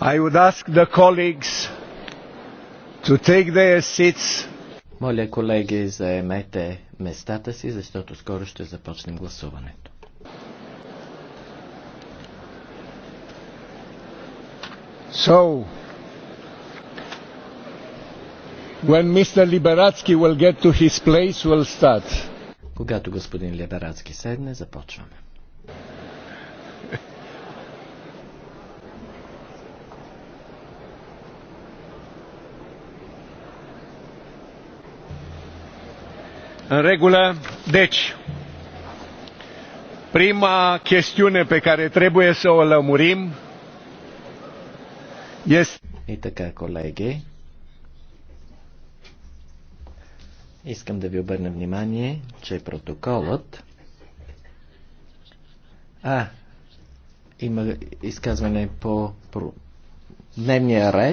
I would ask the colleagues to take their seats. Моля, колеги, заемете местата си, защото скоро ще започнем гласуването. So, when Mr. Liberatsky will get to his place, we'll start. Когато господин Либерацки седне, започваме. În regulă. Deci, prima chestiune pe care trebuie să o lămurim este... И така, колеги, искам да ви обърна внимание, че протоколът... А, има изказване по, по дневния ред.